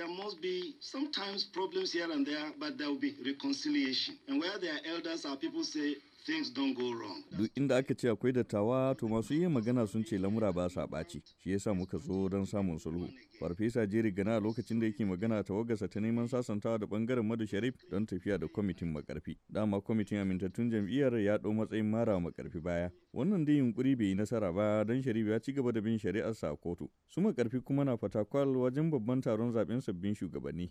there must be sometimes problems here and there, but there will be reconciliation. And where there are elders, our people say, Duk inda aka ce akwai dattawa to masu yin magana sun ce lamura ba sa ɓaci, shi yasa muka zo don samun sulhu. Farfesa Jerry Gana a lokacin da yake magana wagasa ta neman sasantawa da bangaren Madu Sharif don tafiya da kwamitin makarfi. Dama kwamitin amintattun jam'iyyar ya ɗau matsayin mara makarfi baya. Wannan dai yunkuri bai yi nasara ba don Sharif ya ci gaba da bin shari'arsa a kotu. Su makarfi kuma na fatakwal wajen babban taron zaben sabbin shugabanni.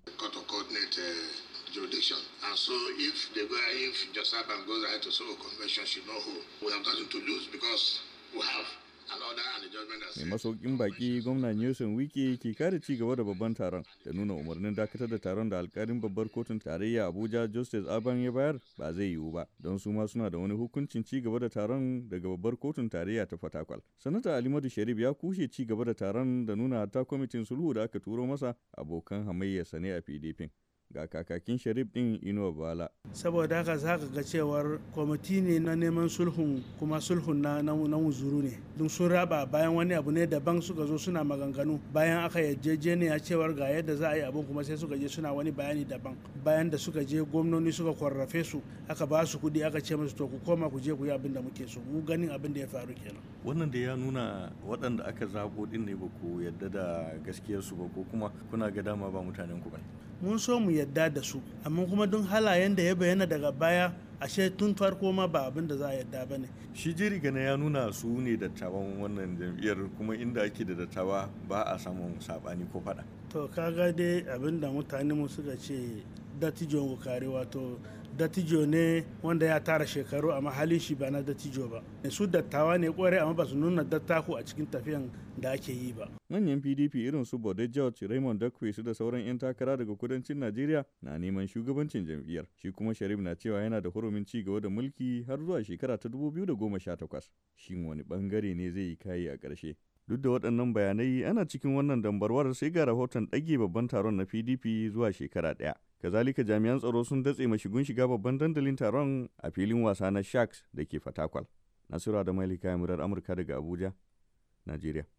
jurisdiction. And so if they go, if goes ahead to solve convention, she know who we have nothing to lose because we have mai masaukin baki gwamna Nelson wiki ke kare ci gaba da babban taron da nuna umarnin dakatar da taron da alkalin babbar kotun tarayya Abuja Justice Aban ya bayar ba zai yiwu ba don su ma suna da wani hukuncin ci gaba da taron daga babbar kotun tarayya ta Fatakwal. Sanata Alimadu Sharif ya kushe ci gaba da taron da nuna ta kwamitin sulhu da aka turo masa abokan hamayyarsa ne a PDP. ga kakakin sharif din inuwa bala saboda haka za ka ga cewar kwamiti ne na neman sulhun kuma sulhun na na wuzuru ne don sun raba bayan wani abu ne daban suka zo suna maganganu bayan aka yarjejeniya cewar ga yadda za a yi abun kuma sai suka je suna wani bayani daban bayan da suka je gwamnoni suka kwarrafe su aka ba su kuɗi aka ce musu to ku koma ku je ku yi abin da muke so mu ganin abin da ya faru kenan wannan da ya nuna waɗanda aka zabo din ne ba ku yadda da gaskiyarsu ba ko kuma kuna ga dama ba mutanen ku ba mun so mu yadda da su amma kuma don halayen da ya bayyana daga baya ashe tun farko ma ba abin da za a yadda ba ne shi jiri gana ya nuna su ne dattawan wannan jam'iyyar kuma inda ake da dattawa ba a samun sabani ko fada to kaga dai abin da mutane mu suka ce dattijon wukari wato dattijo ne wanda ya tara shekaru amma halin shi ba na dattijo ba su dattawa ne kware amma ba su nuna dattako a cikin tafiyan da ake yi ba manyan pdp irin su bode george raymond dakwe su da sauran yan takara daga kudancin najeriya na neman shugabancin jam'iyyar shi kuma sharif na cewa yana da hurumin ci gaba da mulki har zuwa shekara ta 2018 shin wani bangare ne zai yi kayi a ƙarshe Duk da waɗannan bayanai ana cikin wannan dambarwar sai ga rahoton ɗage babban taron na PDP zuwa shekara ɗaya. Kazalika jami'an tsaro sun datse mashigun shiga babban dandalin taron a filin wasa na Sharks da ke Fatakwal. nasiru da Malika murar Amurka daga Abuja, Najeriya.